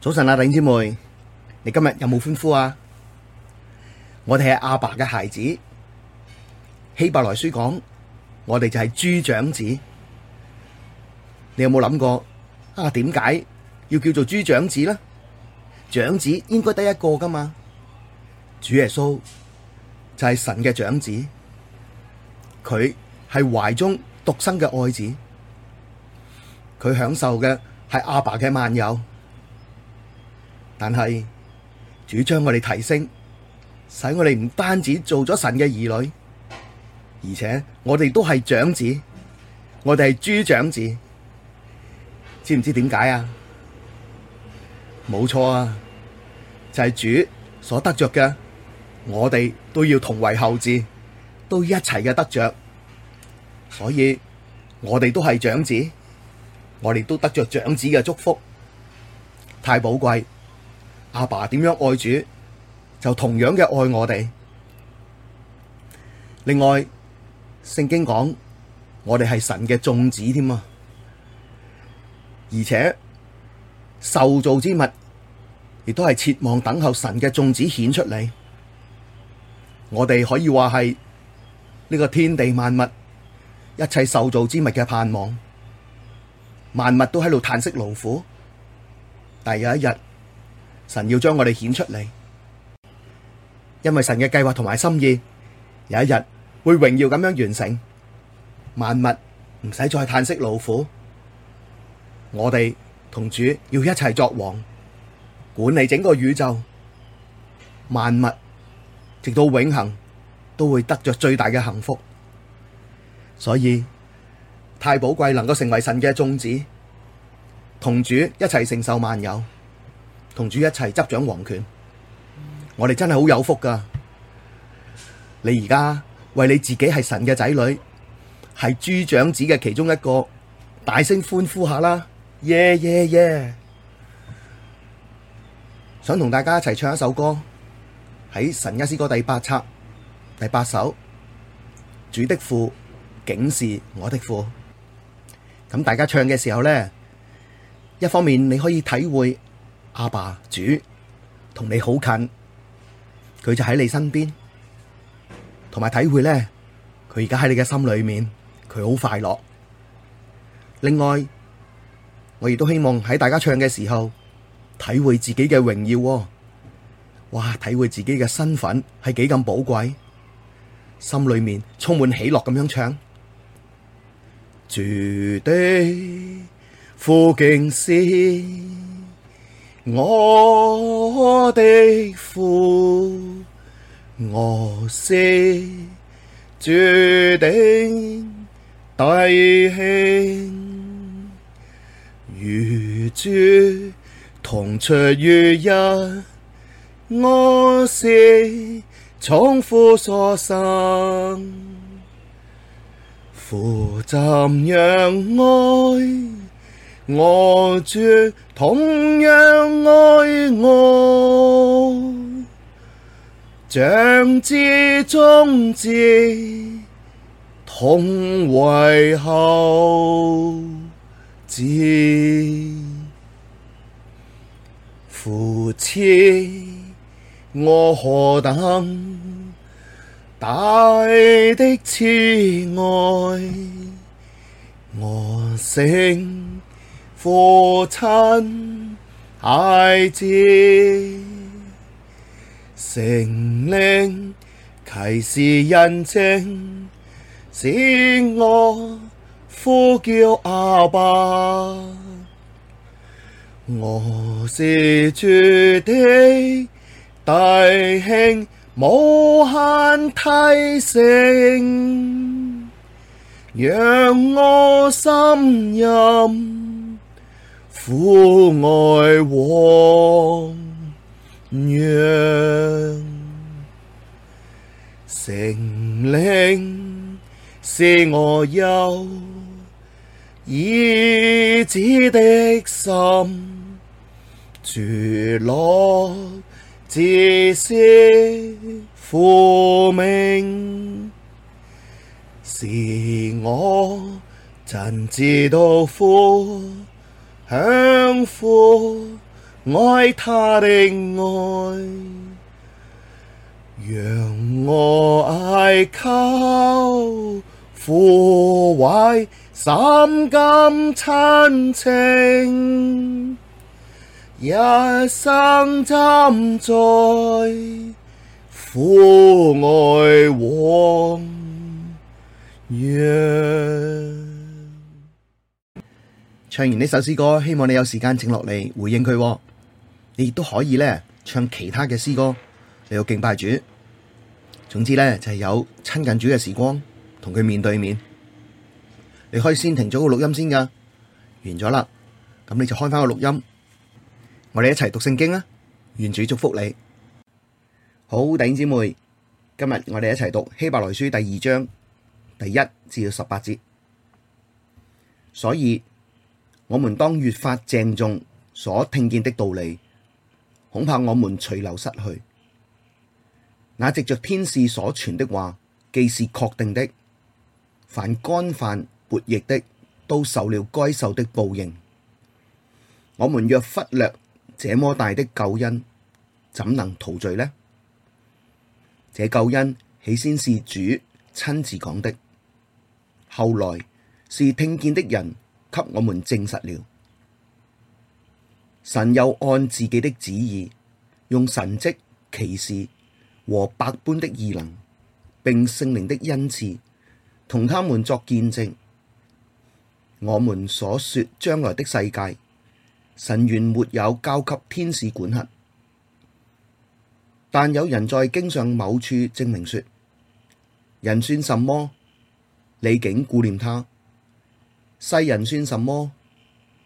早晨啊，弟兄姊妹，你今日有冇歡呼啊？我哋係阿爸嘅孩子，希伯來書講，我哋就係主長子。你有冇諗過啊？點解要叫做主長子呢？長子應該得一個噶嘛？主耶穌就係神嘅長子，佢係懷中獨生嘅愛子，佢享受嘅係阿爸嘅萬有。但係主將我哋提升，使我哋唔單止做咗神嘅兒女，而且我哋都係長子，我哋係諸長子，知唔知點解啊？冇錯啊，就係主所得着嘅，我哋都要同為後嗣，都一齊嘅得着，所以我哋都係長子，我哋都得着長子嘅祝福，太寶貴。阿爸點樣愛主，就同樣嘅愛我哋。另外，聖經講我哋係神嘅眾子添啊！而且受造之物，亦都係切望等候神嘅眾子顯出嚟。我哋可以話係呢個天地萬物，一切受造之物嘅盼望。萬物都喺度嘆息勞苦，但係有一日。神要將我哋顯出嚟，因為神嘅計劃同埋心意，有一日會榮耀咁樣完成，萬物唔使再嘆息勞苦，我哋同主要一齊作王，管理整個宇宙，萬物直到永恒都會得着最大嘅幸福，所以太寶貴，能夠成為神嘅眾子，同主一齊承受萬有。同主一齊執掌王權，我哋真係好有福噶！你而家為你自己係神嘅仔女，係諸長子嘅其中一個，大聲歡呼下啦！耶耶耶！想同大家一齊唱一首歌，喺神家詩歌第八冊第八首，主的父竟是我的父。咁大家唱嘅時候呢，一方面你可以體會。阿爸，主同你好近，佢就喺你身邊，同埋體會呢，佢而家喺你嘅心裏面，佢好快樂。另外，我亦都希望喺大家唱嘅時候，體會自己嘅榮耀。哇，體會自己嘅身份係幾咁寶貴，心裏面充滿喜樂咁樣唱。主的父竟是。我的父，我是主的弟兄，與主同出於一，我是從父所生，父怎樣愛，我主同樣愛我，長子、眾子同為後嗣，父賜我何等大的慈愛，我成。父親、孩子，聖靈啟示、印證，使我呼叫阿爸。我是主的弟兄，無限提升，讓我深飲。父愛汪洋，聖靈使我有，兒子的心，主樂指示父名，是我真知道父。享父愛他的愛，讓我挨靠父懷，深感親情，一生浸在父愛汪洋。唱完呢首詩歌，希望你有時間靜落嚟回應佢。你亦都可以咧唱其他嘅詩歌，你要敬拜主。總之咧就係有親近主嘅時光，同佢面對面。你可以先停咗個錄音先噶，完咗啦，咁你就開返個錄音，我哋一齊讀聖經啊。願主祝福你，好弟兄姐妹，今日我哋一齊讀希伯來書第二章第一至到十八節，所以。我們當越發鄭重所聽見的道理，恐怕我們隨流失去。那藉着天使所傳的話，既是確定的，凡干犯悖逆的，都受了該受的報應。我們若忽略這麼大的救恩，怎能逃罪呢？這救恩起先是主親自講的，後來是聽見的人。給我們證實了。神又按自己的旨意，用神蹟、奇事和百般的異能，並聖靈的恩賜，同他們作見證。我們所說將來的世界，神原沒有交給天使管轄，但有人在經上某處證明說，人算什麼？你竟顧念他？世人算什麼？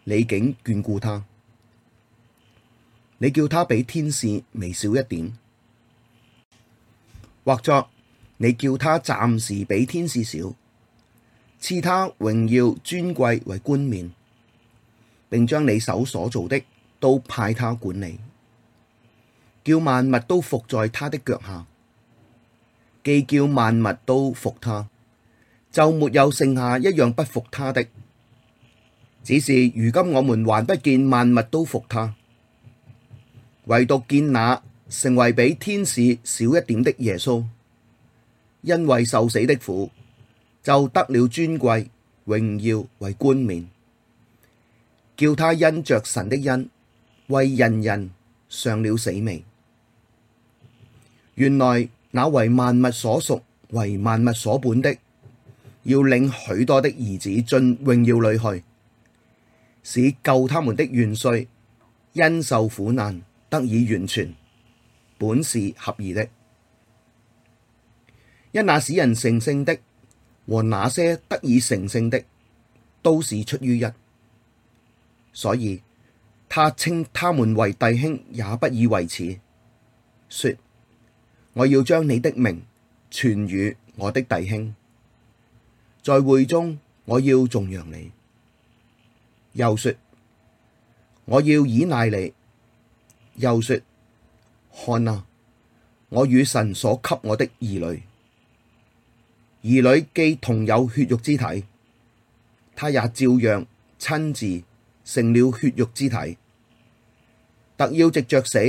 你竟眷顧他？你叫他比天使微小一點，或者你叫他暫時比天使小，賜他榮耀尊貴為冠冕，並將你手所造的都派他管理，叫萬物都服在他的腳下，既叫萬物都服他，就沒有剩下一樣不服他的。只是如今，我們還不見萬物都服他，唯獨見那成為比天使小一點的耶穌，因為受死的苦，就得了尊貴榮耀為冠冕，叫他因着神的恩，為人人嘗了死味。原來那為萬物所屬、為萬物所本的，要領許多的兒子進榮耀裏去。使救他們的元帥因受苦難得以完全，本是合宜的。因那使人成聖的和那些得以成聖的，都是出於一，所以他稱他們為弟兄也不以為恥。說：我要將你的名傳與我的弟兄，在會中我要頌揚你。又說，我要倚賴你。又說，看哪，我與神所給我的兒女，兒女既同有血肉之體，他也照樣親自成了血肉之體。特要藉着死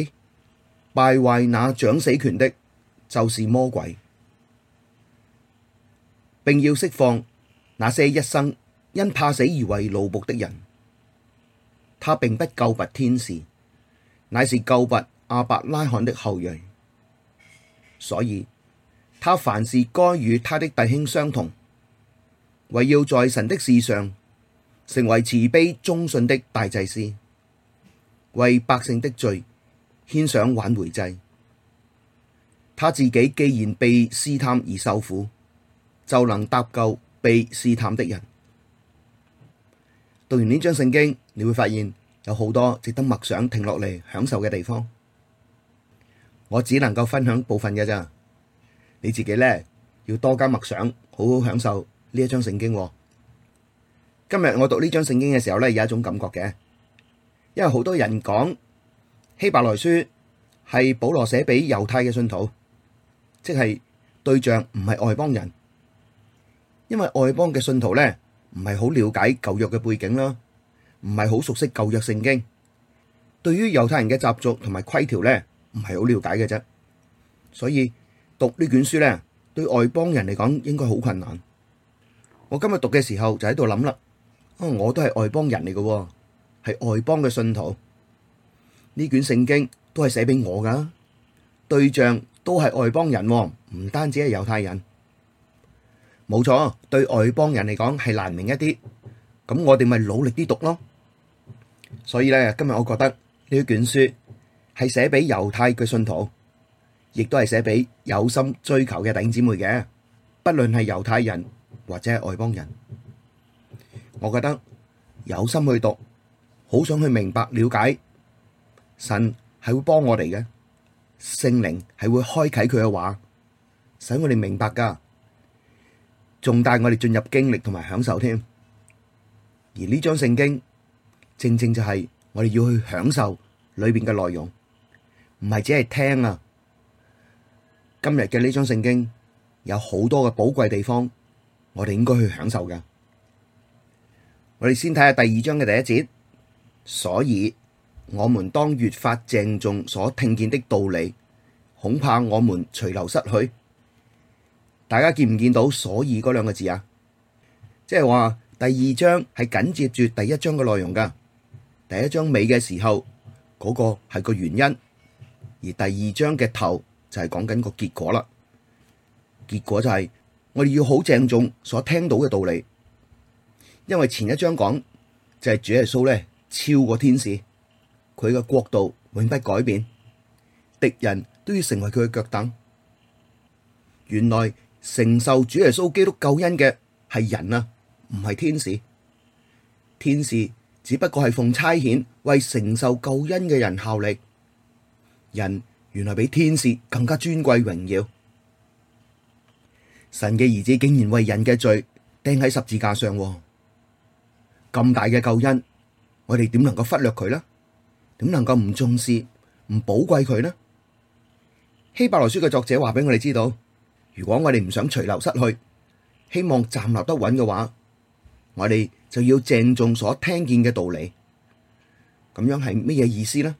敗壞那掌死權的，就是魔鬼，並要釋放那些一生因怕死而為奴僕的人。他並不救拔天使，乃是救拔亞伯拉罕的後裔，所以他凡事該與他的弟兄相同，為要在神的事上成為慈悲忠信的大祭司，為百姓的罪獻上挽回祭。他自己既然被試探而受苦，就能搭救被試探的人。讀完呢章聖經。你會發現有好多值得默想、停落嚟享受嘅地方。我只能夠分享部分嘅咋。你自己咧要多加默想，好好享受呢一章聖經喎。今日我讀呢章聖經嘅時候咧，有一種感覺嘅，因為好多人講希伯來書係保羅寫俾猶太嘅信徒，即係對象唔係外邦人，因為外邦嘅信徒咧唔係好了解舊約嘅背景啦。唔係好熟悉舊約聖經，對於猶太人嘅習俗同埋規條咧，唔係好了解嘅啫。所以讀呢卷書咧、哦，對外邦人嚟講應該好困難。我今日讀嘅時候就喺度諗啦，我都係外邦人嚟嘅，係外邦嘅信徒。呢卷聖經都係寫俾我噶，對象都係外邦人，唔單止係猶太人。冇錯，對外邦人嚟講係難明一啲，咁我哋咪努力啲讀咯。所以咧，今日我覺得呢一卷書係寫俾猶太嘅信徒，亦都係寫俾有心追求嘅弟兄姊妹嘅，不論係猶太人或者係外邦人。我覺得有心去讀，好想去明白了解，神係會幫我哋嘅，聖靈係會開啟佢嘅話，使我哋明白噶，仲帶我哋進入經歷同埋享受添。而呢張聖經。正正就係我哋要去享受裏邊嘅內容，唔係只係聽啊。今日嘅呢章聖經有好多嘅寶貴地方，我哋應該去享受噶。我哋先睇下第二章嘅第一節，所以，我們當越發鄭重所聽見的道理，恐怕我們隨流失去。大家見唔見到所以嗰兩個字啊？即係話第二章係緊接住第一章嘅內容噶。第一章尾嘅時候，嗰、那個係個原因，而第二章嘅頭就係講緊個結果啦。結果就係我哋要好鄭重所聽到嘅道理，因為前一章講就係、是、主耶穌咧超過天使，佢嘅國度永不改變，敵人都要成為佢嘅腳凳。原來承受主耶穌基督救恩嘅係人啊，唔係天使，天使，只不過係奉差遣為承受救恩嘅人效力，人原來比天使更加尊貴榮耀。神嘅兒子竟然為人嘅罪釘喺十字架上，咁大嘅救恩，我哋點能夠忽略佢呢？點能夠唔重視、唔寶貴佢呢？希伯來書嘅作者話俾我哋知道，如果我哋唔想隨流失去，希望站立得穩嘅話，我哋，就要鄭重所聽見嘅道理，咁樣係咩嘢意思呢？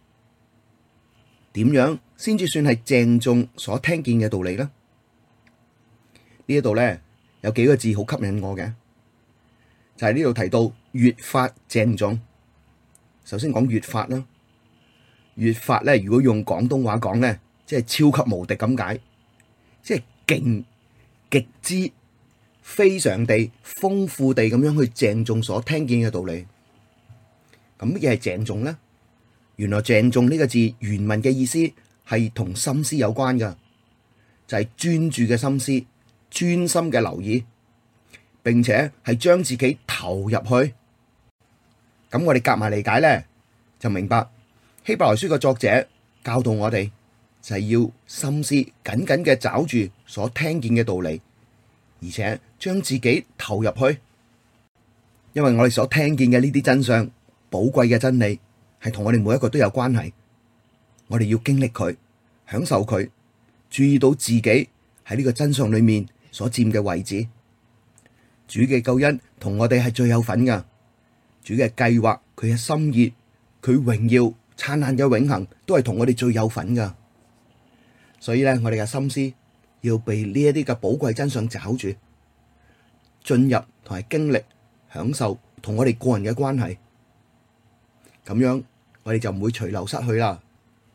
點樣先至算係鄭重所聽見嘅道理呢？呢一度咧有幾個字好吸引我嘅，就係呢度提到越發鄭重。首先講越發啦，越發咧如果用廣東話講咧，即係超級無敵咁解，即係勁極之，非常地豐富地咁樣去鄭重所聽見嘅道理，咁乜嘢係鄭重呢？原來鄭重呢個字原文嘅意思係同心思有關噶，就係、是、專注嘅心思，專心嘅留意，並且係將自己投入去。咁我哋夾埋理解呢，就明白希伯來書嘅作者教導我哋，就係、是、要心思緊緊嘅找住所聽見嘅道理。而且將自己投入去，因為我哋所聽見嘅呢啲真相、寶貴嘅真理，係同我哋每一個都有關係。我哋要經歷佢，享受佢，注意到自己喺呢個真相裏面所佔嘅位置。主嘅救恩同我哋係最有份㗎，主嘅計劃、佢嘅心意、佢榮耀、燦爛嘅永恒，都係同我哋最有份㗎。所以咧，我哋嘅心思。要被呢一啲嘅寶貴真相抓住，進入同埋經歷、享受同我哋個人嘅關係，咁樣我哋就唔會隨流失去啦，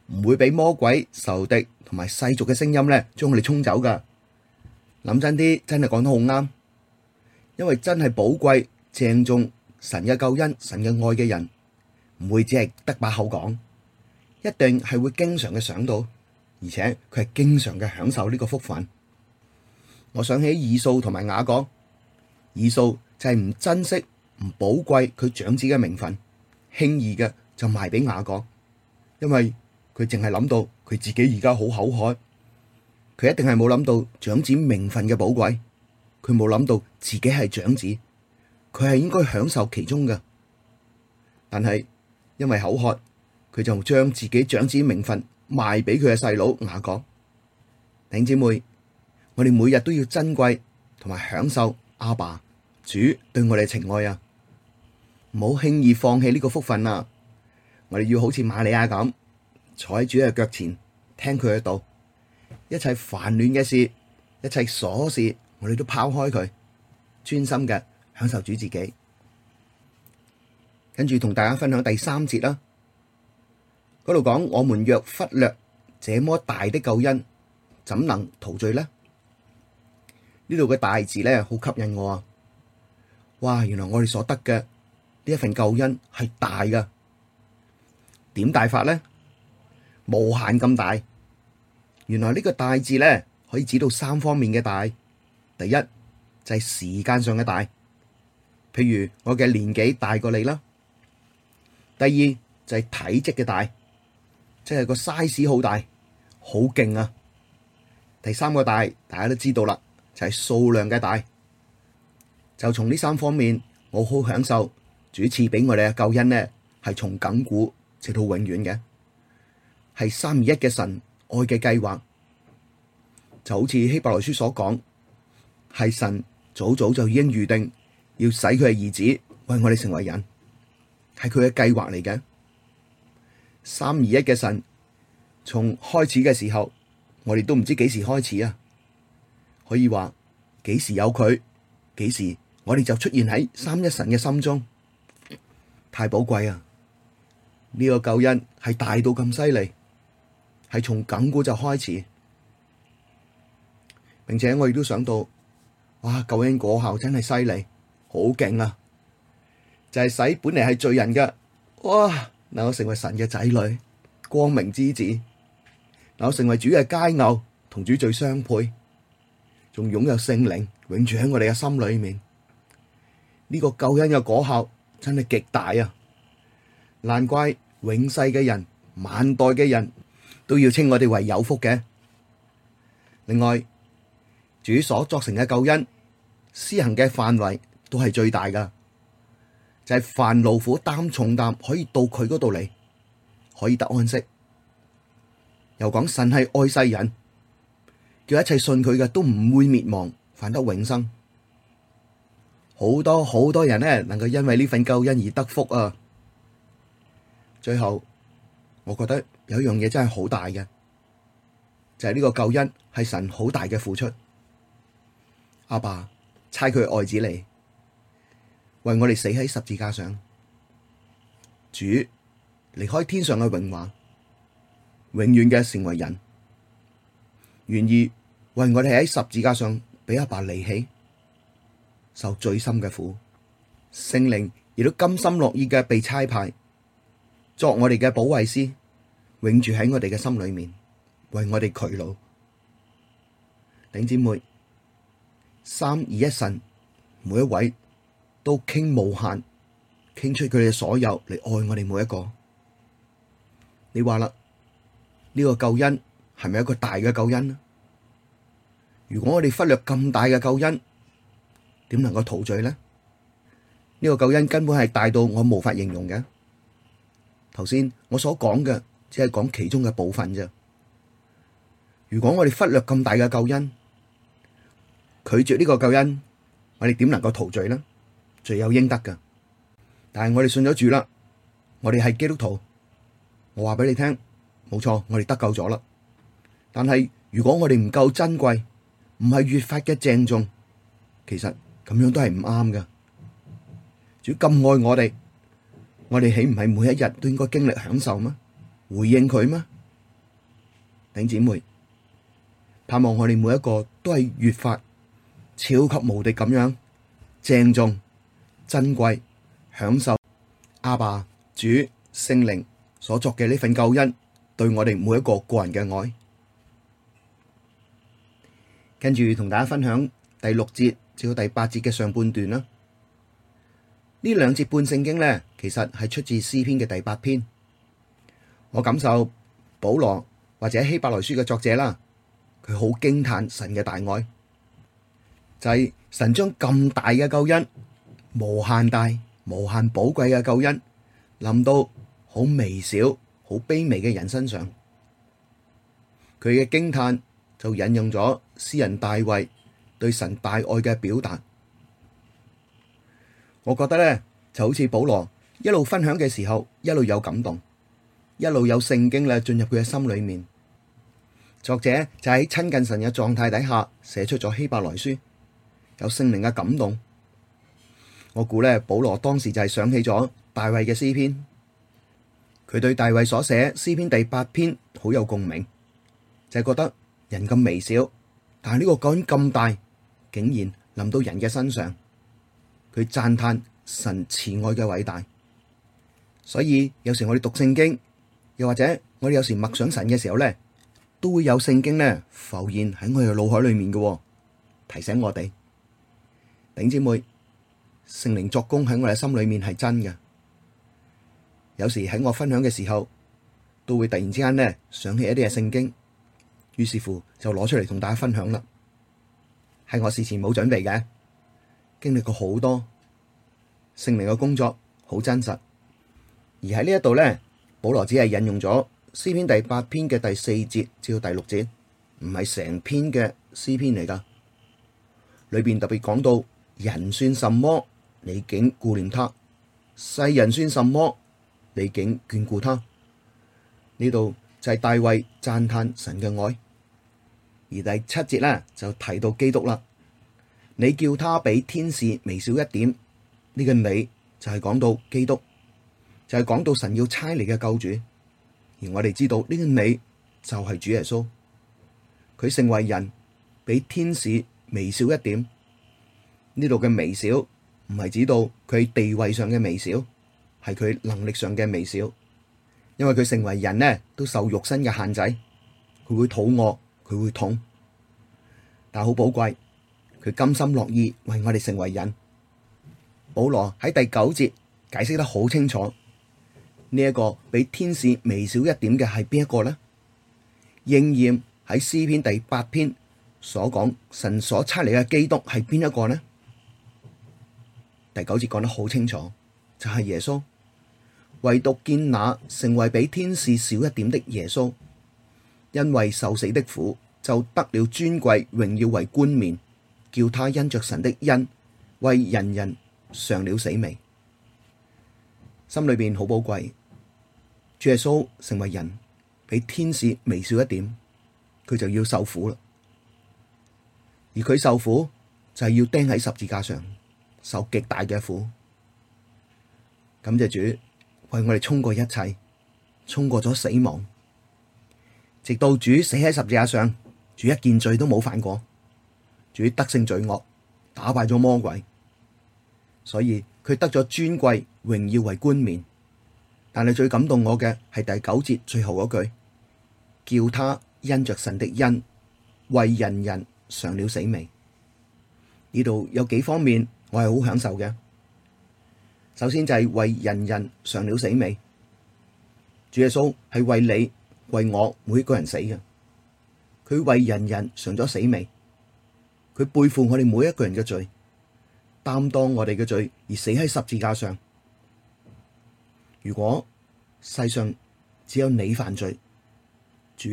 唔會俾魔鬼、仇敵同埋世俗嘅聲音咧將我哋沖走噶諗真啲，真係講得好啱，因為真係寶貴、鄭重神嘅救恩、神嘅愛嘅人，唔會只係得把口講，一定係會經常嘅想到。而且佢係經常嘅享受呢個福分。我想起以掃同埋雅各，以掃就係唔珍惜唔寶貴佢長子嘅名分，輕易嘅就賣俾雅各，因為佢淨係諗到佢自己而家好口渴，佢一定係冇諗到長子名分嘅寶貴，佢冇諗到自己係長子，佢係應該享受其中嘅，但係因為口渴，佢就將自己長子嘅名分賣俾佢嘅細佬雅各，弟兄姊妹，我哋每日都要珍貴同埋享受阿爸主對我哋嘅情愛啊！唔好輕易放棄呢個福分啊！我哋要好似瑪利亞咁，坐喺主嘅腳前，聽佢嘅道，一切煩亂嘅事，一切瑣事，我哋都拋開佢，專心嘅享受主自己。跟住同大家分享第三節啦、啊。嗰度講，我們若忽略這麼大的救恩，怎能逃罪呢？呢度嘅大字咧，好吸引我。啊！哇，原來我哋所得嘅呢一份救恩係大嘅，點大法咧？無限咁大。原來呢個大字咧，可以指到三方面嘅大。第一就係、是、時間上嘅大，譬如我嘅年紀大過你啦。第二就係、是、體積嘅大。即係個 size 好大，好勁啊！第三個大，大家都知道啦，就係數量嘅大。就從呢三方面，我好享受主賜俾我哋嘅救恩呢，係從亙古直到永遠嘅，係三而一嘅神愛嘅計劃。就好似希伯來書所講，係神早早就已經預定要使佢嘅兒子為我哋成為人，係佢嘅計劃嚟嘅。三二一嘅神，從開始嘅時候，我哋都唔知幾時開始啊！可以話幾時有佢，幾時我哋就出現喺三一神嘅心中，太寶貴啊！呢個救恩係大到咁犀利，係從亘古就開始，並且我亦都想到，哇！救恩果效真係犀利，好勁啊！就係使本嚟係罪人嘅，哇！能成為神嘅仔女，光明之子；能成為主嘅佳偶，同主最相配，仲擁有聖靈，永住喺我哋嘅心裏面。呢個救恩嘅果效真係極大啊！難怪永世嘅人、萬代嘅人都要稱我哋為有福嘅。另外，主所作成嘅救恩施行嘅範圍都係最大噶。就係煩勞苦擔重擔，可以到佢嗰度嚟，可以得安息。又講神係愛世人，叫一切信佢嘅都唔會滅亡，反得永生。好多好多人呢，能夠因為呢份救恩而得福啊！最後，我覺得有一樣嘢真係好大嘅，就係、是、呢個救恩係神好大嘅付出。阿爸,爸，差佢愛子嚟。為我哋死喺十字架上，主離開天上嘅榮華，永遠嘅成為人，願意為我哋喺十字架上俾阿爸離棄，受最深嘅苦，聖靈亦都甘心樂意嘅被差派作我哋嘅保惠師，永住喺我哋嘅心裏面，為我哋劬勞。頂姊妹，三二一神，每一位。都傾無限，傾出佢哋所有嚟愛我哋每一個。你話啦，呢個救恩係咪一個大嘅救恩呢？如果我哋忽略咁大嘅救恩，點能夠逃罪呢？呢個救恩根本係大到我無法形容嘅。頭先我所講嘅只係講其中嘅部分啫。如果我哋忽略咁大嘅救恩，拒絕呢個救恩，我哋點能夠逃罪呢？罪有應得嘅？但係我哋信咗主啦，我哋係基督徒。我話俾你聽，冇錯，我哋得救咗啦。但係如果我哋唔夠珍貴，唔係越發嘅鄭重，其實咁樣都係唔啱嘅。主咁愛我哋，我哋豈唔係每一日都應該經歷享受咩？回應佢咩？弟兄姊妹，盼望我哋每一個都係越發超級無敵咁樣鄭重。正珍貴享受阿爸主聖靈所作嘅呢份救恩，對我哋每一個個人嘅愛。跟住同大家分享第六節至到第八節嘅上半段啦。呢兩節半聖經呢，其實係出自詩篇嘅第八篇。我感受保羅或者希伯來書嘅作者啦，佢好驚嘆神嘅大愛，就係神將咁大嘅救恩。無限大、無限寶貴嘅救恩，臨到好微小、好卑微嘅人身上，佢嘅驚嘆就引用咗詩人大衛對神大愛嘅表達。我覺得咧，就好似保羅一路分享嘅時候，一路有感動，一路有聖經啦進入佢嘅心裏面。作者就喺親近神嘅狀態底下寫出咗希伯來書，有聖靈嘅感動。我估咧，保羅當時就係想起咗大衛嘅詩篇，佢對大衛所寫詩篇第八篇好有共鳴，就係覺得人咁微小，但係呢個感咁大，竟然臨到人嘅身上，佢讚嘆神慈愛嘅偉大。所以有時我哋讀聖經，又或者我哋有時默想神嘅時候咧，都會有聖經咧浮現喺我哋嘅腦海裏面嘅，提醒我哋，頂姐妹。聖靈作工喺我哋心裏面係真嘅，有時喺我分享嘅時候，都會突然之間呢，想起一啲嘅聖經，於是乎就攞出嚟同大家分享啦。係我事前冇準備嘅，經歷過好多聖靈嘅工作，好真實。而喺呢一度呢，保羅只係引用咗詩篇第八篇嘅第四節至到第六節，唔係成篇嘅詩篇嚟噶，裏邊特別講到人算什麼，你竟顧念他？世人算什麼？你竟眷顧他。呢度就係大衛讚嘆神嘅愛，而第七節咧，就提到基督啦。你叫他比天使微小一點，呢、這個你就係講到基督，就係、是、講到神要差你嘅救主。而我哋知道呢個你就係主耶穌，佢成為人，比天使微小一點呢度嘅微小。唔係指到佢地位上嘅微小，係佢能力上嘅微小。因為佢成為人呢，都受肉身嘅限制，佢會肚餓，佢會痛，但係好寶貴。佢甘心樂意為我哋成為人。保羅喺第九節解釋得好清楚，呢一個比天使微小一點嘅係邊一個呢？應驗喺詩篇第八篇所講神所差嚟嘅基督係邊一個呢？第九節講得好清楚，就係、是、耶穌，唯獨見那成為比天使小一點的耶穌，因為受死的苦，就得了尊貴榮耀為冠冕，叫他因着神的恩，為人人嘗了死味，心裏邊好寶貴。耶穌成為人，比天使微小一點，佢就要受苦啦，而佢受苦就係、是、要釘喺十字架上。受極大嘅苦，感謝主為我哋衝過一切，衝過咗死亡，直到主死喺十字架上，主一件罪都冇犯過，主得勝罪惡，打敗咗魔鬼，所以佢得咗尊貴榮耀為冠冕。但係最感動我嘅係第九節最後嗰句，叫他因着神的恩為人人嘗了死味。呢度有幾方面。我係好享受嘅。首先就係為人人嘗了死味。主耶穌係為你、為我每一個人死嘅。佢為人人嘗咗死味。佢背負我哋每一個人嘅罪，擔當我哋嘅罪而死喺十字架上。如果世上只有你犯罪，主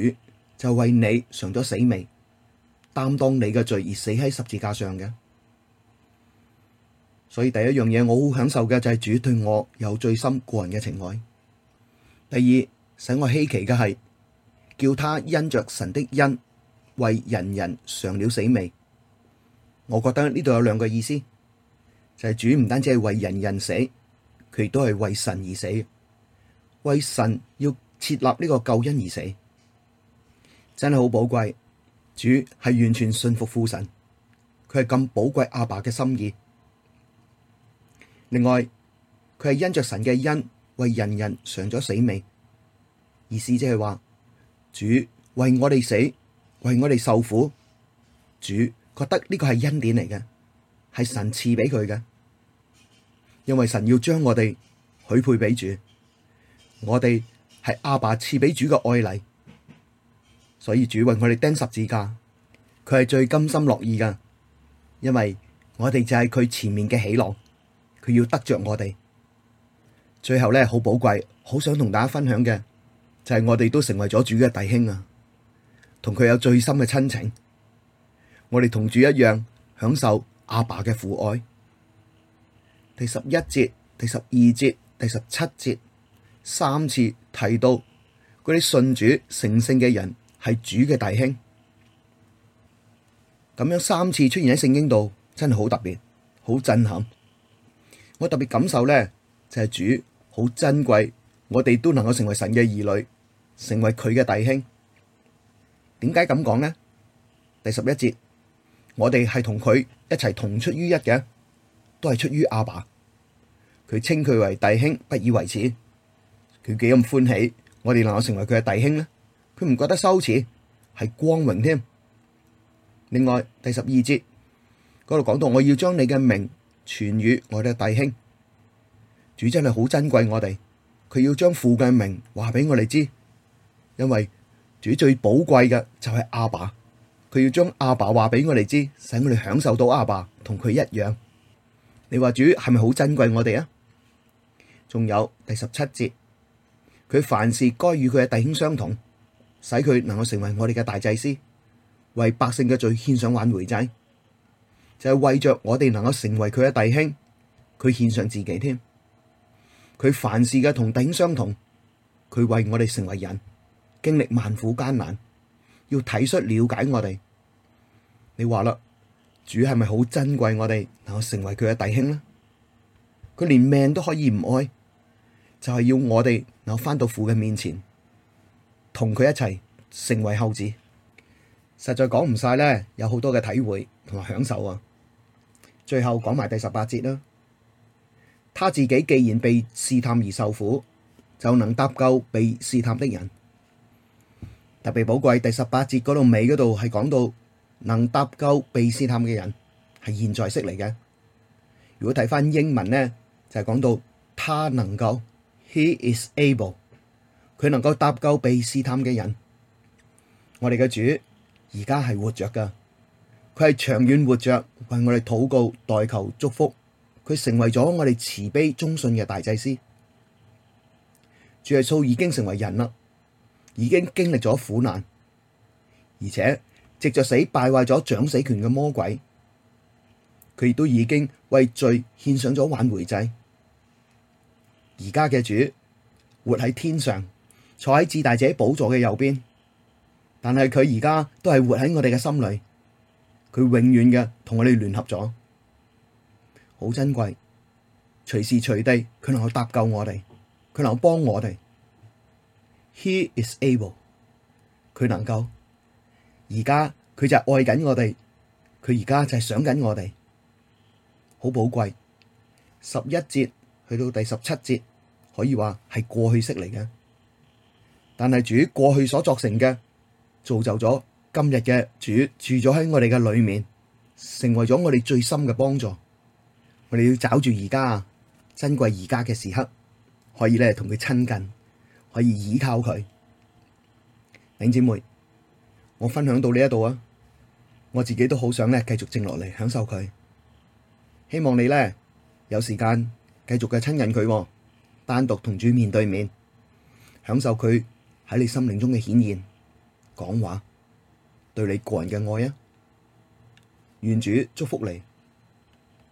就為你嘗咗死味，擔當你嘅罪而死喺十字架上嘅。所以第一樣嘢我好享受嘅就係主對我有最深個人嘅情愛。第二，使我稀奇嘅係叫他因着神的恩為人人嘗了死味。我覺得呢度有兩個意思，就係、是、主唔單止係為人人死，佢都係為神而死，為神要設立呢個救恩而死，真係好寶貴。主係完全信服父神，佢係咁寶貴阿爸嘅心意。另外，佢係因着神嘅恩為人人嘗咗死味，意思即係話：主為我哋死，為我哋受苦。主覺得呢個係恩典嚟嘅，係神賜俾佢嘅。因為神要將我哋許配俾主，我哋係阿爸賜俾主嘅愛禮，所以主為我哋釘十字架，佢係最甘心樂意噶。因為我哋就係佢前面嘅喜樂。佢要得着我哋，最後咧，好寶貴，好想同大家分享嘅就係我哋都成為咗主嘅弟兄啊，同佢有最深嘅親情。我哋同主一樣享受阿爸嘅父愛。第十一節、第十二節、第十七節三次提到嗰啲信主、成聖嘅人係主嘅弟兄，咁樣三次出現喺聖經度，真係好特別、好震撼。我特別感受咧，就係、是、主好珍貴，我哋都能夠成為神嘅兒女，成為佢嘅弟兄。點解咁講呢？第十一節，我哋係同佢一齊同出於一嘅，都係出於阿爸。佢稱佢為弟兄，不以為恥。佢幾咁歡喜，我哋能夠成為佢嘅弟兄咧，佢唔覺得羞恥，係光榮添。另外第十二節嗰度講到，我要將你嘅名。傳與我哋嘅弟兄，主真係好珍貴我哋，佢要將父嘅名話俾我哋知，因為主最寶貴嘅就係阿爸，佢要將阿爸話俾我哋知，使我哋享受到阿爸同佢一樣。你話主係咪好珍貴我哋啊？仲有第十七節，佢凡事該與佢嘅弟兄相同，使佢能夠成為我哋嘅大祭司，為百姓嘅罪獻上挽回祭。就係為着我哋能夠成為佢嘅弟兄，佢獻上自己添。佢凡事嘅同弟兄相同，佢為我哋成為人，經歷萬苦艱難，要體恤了解我哋。你話啦，主係咪好珍貴我哋能夠成為佢嘅弟兄咧？佢連命都可以唔愛，就係要我哋能夠翻到父嘅面前，同佢一齊成為後子。實在講唔晒咧，有好多嘅體會同埋享受啊！最後講埋第十八節啦。他自己既然被試探而受苦，就能搭救被試探的人。特別寶貴，第十八節嗰度尾嗰度係講到能搭救被試探嘅人，係現在式嚟嘅。如果睇翻英文呢，就係講到他能夠，He is able，佢能夠搭救被試探嘅人。我哋嘅主而家係活着噶。佢係長遠活着，為我哋禱告、代求、祝福。佢成為咗我哋慈悲忠信嘅大祭司。主耶穌已經成為人啦，已經經歷咗苦難，而且藉着死敗壞咗掌死權嘅魔鬼，佢亦都已經為罪獻上咗挽回祭。而家嘅主活喺天上，坐喺至大者寶座嘅右邊，但係佢而家都係活喺我哋嘅心裏。佢永遠嘅同我哋聯合咗，好珍貴，隨時隨地佢能夠搭救我哋，佢能夠幫我哋。He is able，佢能夠。而家，佢就係愛緊我哋，佢而家就係想緊我哋，好寶貴。十一節去到第十七節，可以話係過去式嚟嘅，但係主過去所作成嘅造就咗。今日嘅主住咗喺我哋嘅裏面，成為咗我哋最深嘅幫助。我哋要找住而家，珍貴而家嘅時刻，可以咧同佢親近，可以倚靠佢。弟兄姊妹，我分享到呢一度啊，我自己都好想咧繼續靜落嚟，享受佢。希望你咧有時間繼續嘅親近佢，單獨同主面對面，享受佢喺你心靈中嘅顯現講話。對你個人嘅愛啊，願主祝福你。